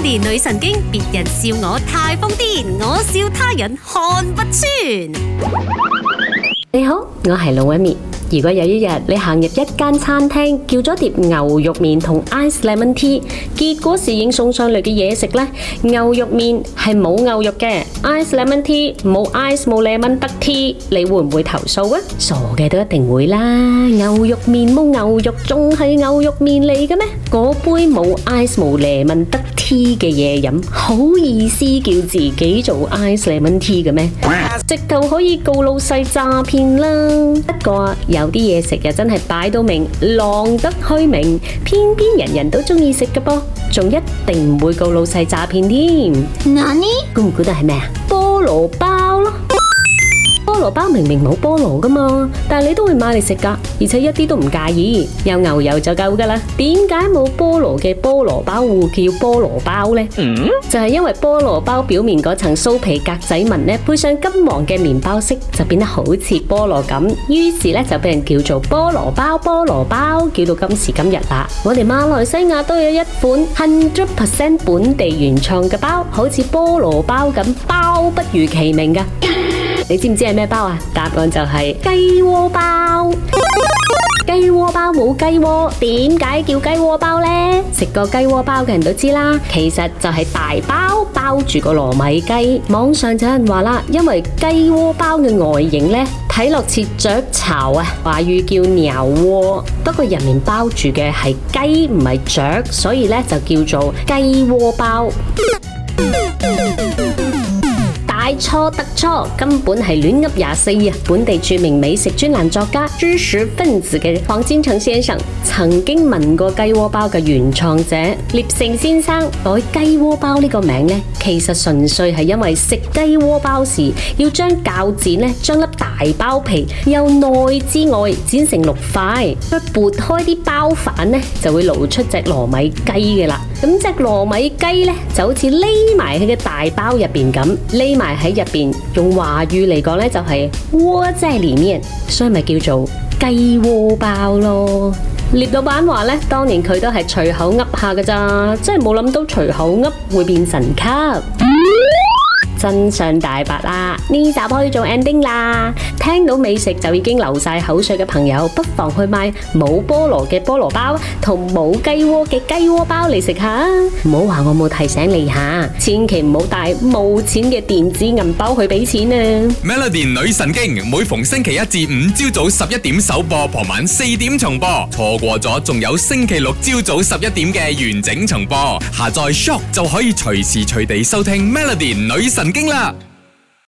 年女神經，別人笑我太瘋癲，我笑他人看不穿。你好，我係老 Emmy。如果有一日你行入一間餐廳，叫咗碟牛肉麵同 ice lemon tea，結果侍應送上嚟嘅嘢食呢，牛肉麵係冇牛肉嘅，ice lemon tea 冇 ice 冇 lemon 得 tea，你會唔會投訴啊？傻嘅都一定會啦！牛肉麵冇牛肉，仲係牛肉麵嚟嘅咩？嗰杯冇 ice 冇 lemon 得 tea 嘅嘢飲，好意思叫自己做 ice lemon tea 嘅咩？直頭可以告老細詐騙啦！不過，有啲嘢食又真係擺到明，浪得虛名，偏偏人人都中意食嘅噃，仲一定唔會告老細詐騙添。嗱，呢估唔估到係咩啊？猜猜菠蘿包咯。菠蘿包明明冇菠蘿噶嘛，但你都會買嚟食噶，而且一啲都唔介意，有牛油就夠噶啦。點解冇菠蘿嘅菠蘿包會叫菠蘿包呢？就係因為菠蘿包表面嗰層酥皮格仔紋呢，配上金黃嘅麵包色，就變得好似菠蘿咁，於是呢就被人叫做菠蘿包。菠蘿包叫到今時今日啦，我哋馬來西亞都有一款 hundred percent 本地原創嘅包，好似菠蘿包咁，包不如其名噶。你知唔知係咩包啊？答案就係雞窩包。雞窩包冇雞窩，點解叫雞窩包呢？食過雞窩包嘅人都知啦，其實就係大包包住個糯米雞。網上有人話啦，因為雞窩包嘅外形咧，睇落似雀巢啊，俗語叫鳥窩，不過入面包住嘅係雞，唔係雀，所以咧就叫做雞窩包。嗯大錯特錯，根本係亂噏廿四。本地著名美食專欄作家、知識分子嘅黃堅成先生，曾經問過雞窩包嘅原創者聶成先生，改雞窩包呢個名咧，其實純粹係因為食雞窩包時要將鉸剪咧，將粒大包皮由內之外剪成六塊，撥開啲包飯呢，就會露出隻糯米雞嘅啦。咁隻糯米雞呢，就好似匿埋喺個大包入面咁匿埋。喺入邊用華語嚟講咧，就係窩仔裏面，就是，所以咪叫做雞窩包咯。聶老闆話咧，當年佢都係隨口噏下噶咋，真係冇諗到隨口噏會變神級。 真相大白啦，呢集可以做 ending 啦。聽到美食就已經流晒口水嘅朋友，不妨去買冇菠蘿嘅菠蘿包同冇雞窩嘅雞窩包嚟食下啊！唔好話我冇提醒你吓，千祈唔好帶冇錢嘅電子銀包去俾錢啊！Melody 女神經每逢星期一至五朝早十一點首播，傍晚四點重播，錯過咗仲有星期六朝早十一點嘅完整重播。下載 Shock 就可以隨時隨地收聽 Melody 女神經。驚啦！